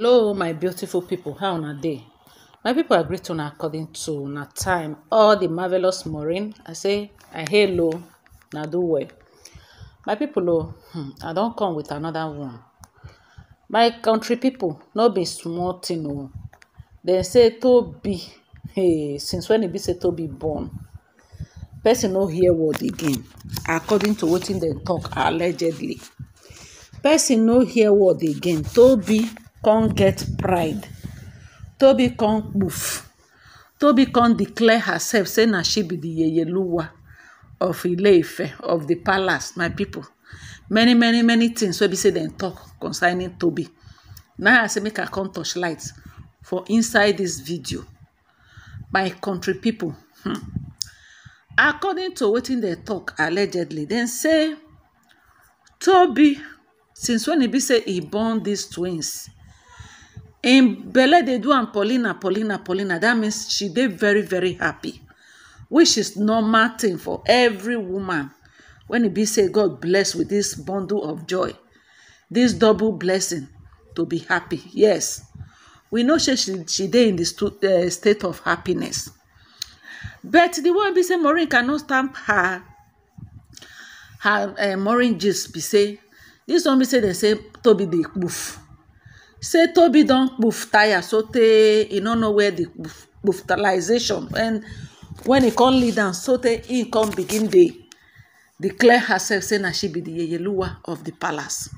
hello my beautiful people how una dey my people are greeting according to na time all the marvelous maureen i say i hello. na do well my people oh, hmm, i don come with another one my country people no be small thing o dem say tobi hey, since when e be say tobi born person no hear word again according to wetin dem talk allegedly person no hear word again tobi come get pride Toby come poof Toby come declare herself say na she be the yeyeluwa of ileife of the palace my people many many many things wey be say dem talk concerning Toby. now i say make i come touch light for inside this video my country people. hmm. according to wetin dem talk allegedly dem say Toby, since when e be say e born these twins In belle they do and paulina paulina paulina That means she did very very happy which is normal thing for every woman When it be say god bless with this bundle of joy this double blessing to be happy yes we know she she she did in the eh, state of happiness but the one be say Maureen cannot stamp her her just eh, be say this one be say they say be the goof. say toby don poof tire sotey e no know where the di poofitalization when wen e come lead am sotey he come begin dey declare herself say na she be the yeyeluwa of the palace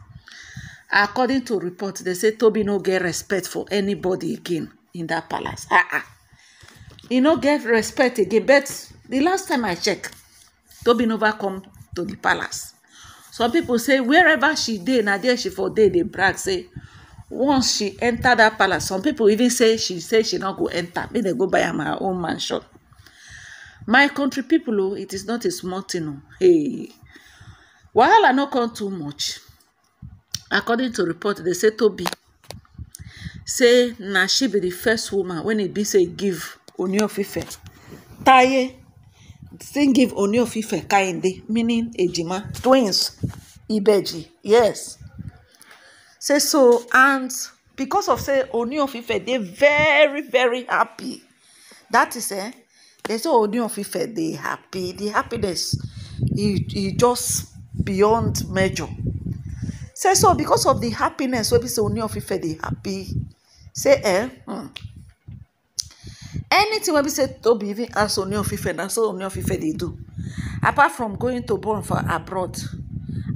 according to report they say toby no get respect for anybody again in that palace ah ah e no get respect again but the last time i check toby never come to the palace some people say wherever she dey na there she for dey dey brag say once she enter that palace some people even say she say she not go enter make dem go buy am her own mansion my country people, o oh, it is not a small thing, o oh. hey wahala no come too much according to report dey say tobi say na she be the first woman when e be say give oni of ife taye still give oni of ife kayinde meaning ejima twins ibeji yes say so and because of say oni of ife dey very very happy that is eh they say oni of ife dey happy the happiness e e just beyond measure say so because of the happiness wey be say oni of ife dey happy say eh hmm, anything wey be say tobi even ask oni of ife na so oni of ife dey do apart from going to born for abroad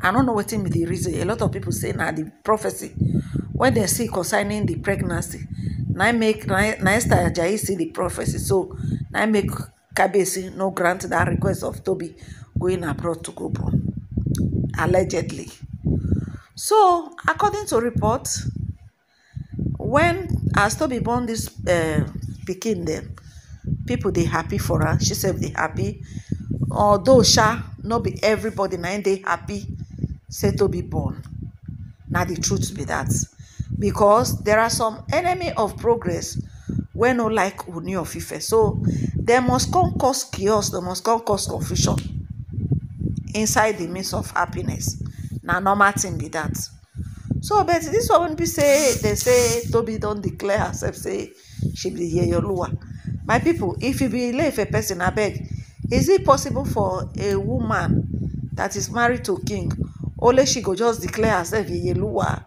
i don't know what is be the reason a lot of people say now the prophecy When they see concerning the pregnancy now make now esther Jai see the prophecy so now make kabesi no grant that request of Toby going abroad to go born allegedly so according to report when as tobi born dis eh, pikin dem people they happy for her she said they happy although sha not be everybody now they happy say to be born Now the truth be that, because there are some enemy of progress wey no like oni of ife so they must come cause chaos They must come cause confusion inside the midst of happiness Now, normal tin be that. so but this woman be say they say Toby don't declare herself say she be here your yeyoluwa my people, if you believe a person I beg, is it possible for a woman that is married to king only she go just declare herself yeyeluwa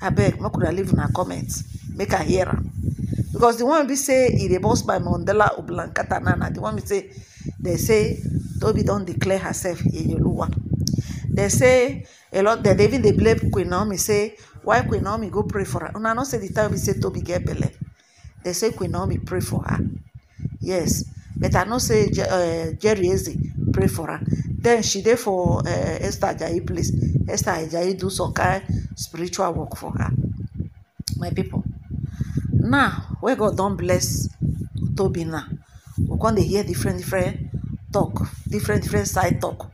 abeg make una leave una comment make i hear am because the one be say e dey boss by mandela ublankata na na the one be say dey say tobi don declare herself yeyeluwa dey say a lot dem even dey blame queen naomi say why queen naomi go pray for her una know say the time be say tobi get belle dey say queen naomi pray for her yes but i know say eh, jerry eze pray for her Then she dey for eh, esther ajayi place esther ajayi do some kind spiritual work for her my people. now wey god don bless tobi now we con dey hear different different talk different different side talk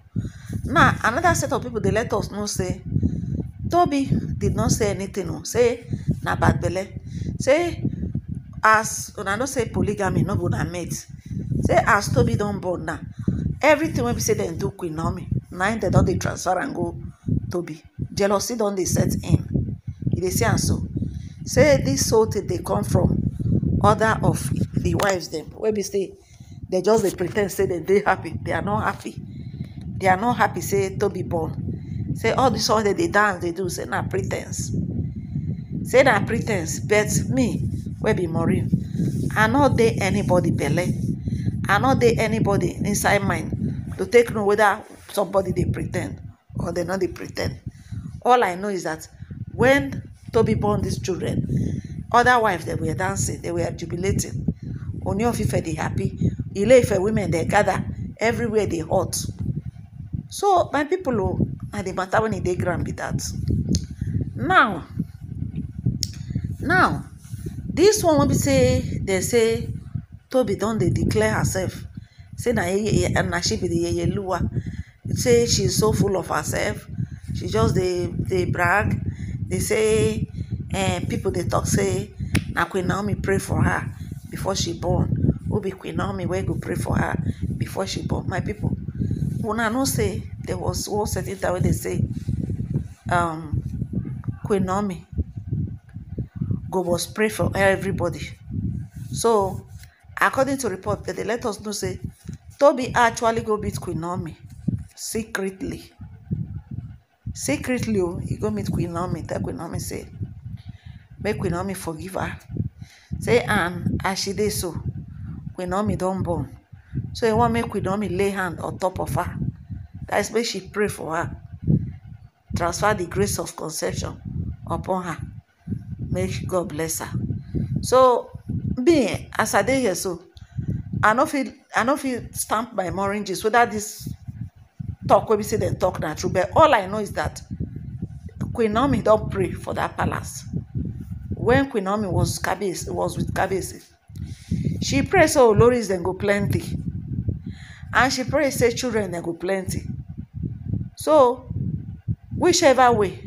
now another set of people dey let us know say tobi did not say anything o say na bad belle say as una know say polygamy no be una mate say as tobi don born now everything when we say they do queen naomi na im dem don dey transfer and go be. jealousy don't they set in They say and so say this sort they come from other of the wives them. When we say they just they pretend say they happy. happy are not happy They are not happy say be born say all this sort they dey dance they do say na pretense say na pretense but me where be maureen i know they anybody belle i not dey anybody inside mind to take know whether somebody dey pretend or they no dey pretend all i know is that when Toby born dis children other wives dem were dancing they were jubilating oni of ife dey happy ile ife women dey gather everywhere dey hot so my people o oh, na the matter wey e dey ground be that now now this one wey be say dem say toby don't they declare herself say na eh, na she be the yeye say she's so full of herself she just they they brag They say and eh, people they talk say na queen naomi pray for her before she born who be queen naomi where go pray for her before she born my people, When I know say there was one certain time way. They say um queen naomi go was pray for everybody so according to report that dey let us know say tobi actually go meet queen naomi secretly secretly oh, he go meet queen naomi tell queen naomi say make queen naomi forgive her say and as she did so queen naomi not born so he want make queen naomi lay hand on top of her that is where she pray for her transfer the grace of conception upon her make god bless her so me as i day here so i no feel i no stamped by more moranges whether this talk wey be say dem talk natural, true but all i know is that queen naomi not pray for that palace When queen naomi was was with kabis. she pray say lorries then go plenty and she pray say children dem go plenty so whichever way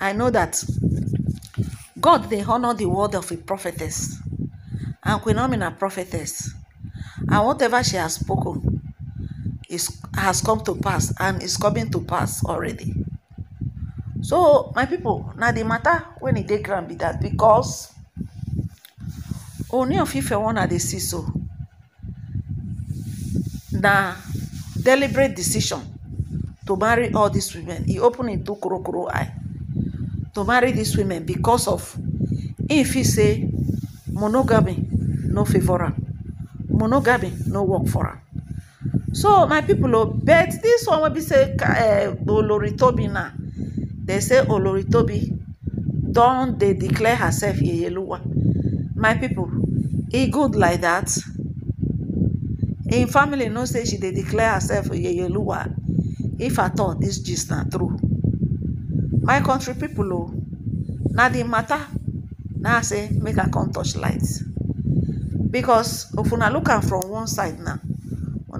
i know that god they honour the word of a prophetess and Queen Naomi na prophetess and whatever she has spoken is has come to pass and is coming to pass already so my people na the matter when e dey ground be that because Ooni of few one i dey see so na deliberate decision to marry all these women he opened im two korokoro eye to marry these women because of if he say monogamy no favour am monogamy no work for am so my people oh, but this one wey be say eh, olori Oloritobi, na They say "Oloritobi, tobi don dey declare herself iyeluwa my people e good like that. im family know say she dey declare herself iyeluwa if at all this gist na true my country people oh, na the matter, na say make i come touch light because if una look from one side now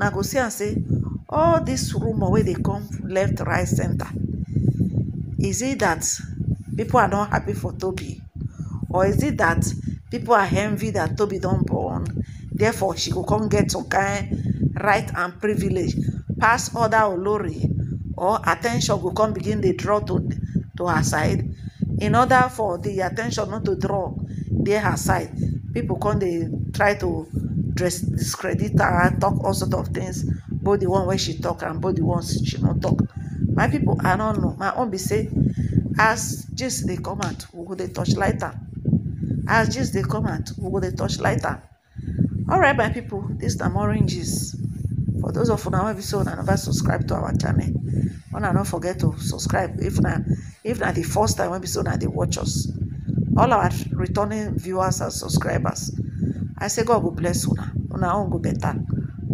i go see and say all this rumour where they come left right centre is it that people are not happy for Toby, or is it that people are envy that Toby don't born therefore she could come get some kind right and privilege pass oda olori or attention will come begin the draw to to her side in order for the attention not to draw their her side people come they try to dress discredit her and talk all sort of things both the one where she talk and both the ones she don't talk my people i don't know my own be say as just dey come out we go touch lighter Ask as the comment come out we go touch lighter alright my people this time oranges for those of you now be seen and never subscribe to our channel do not forget to subscribe if na if at the first time wey be say una they watch us all our returning viewers and subscribers. I say God will bless una. Una own go better.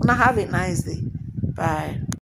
Una have a nice day. Bye.